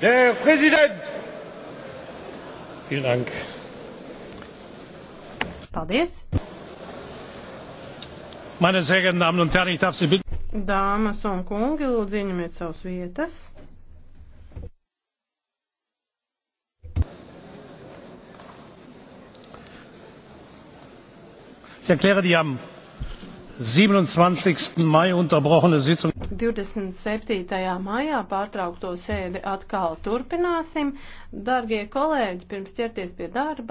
Der Präsident! Vielen Dank. Paldies. Meine sehr geehrten Damen und Herren, ich darf Sie bitten. Dāmas un kungi, lūdzu, ieņemiet savas vietas. Ich erkläre die am 27. maija unterbrochene Sitzung. 27. maijā pārtraukto sēdi atkal turpināsim. Dargie kolēģi, pirms ķerties pie darba.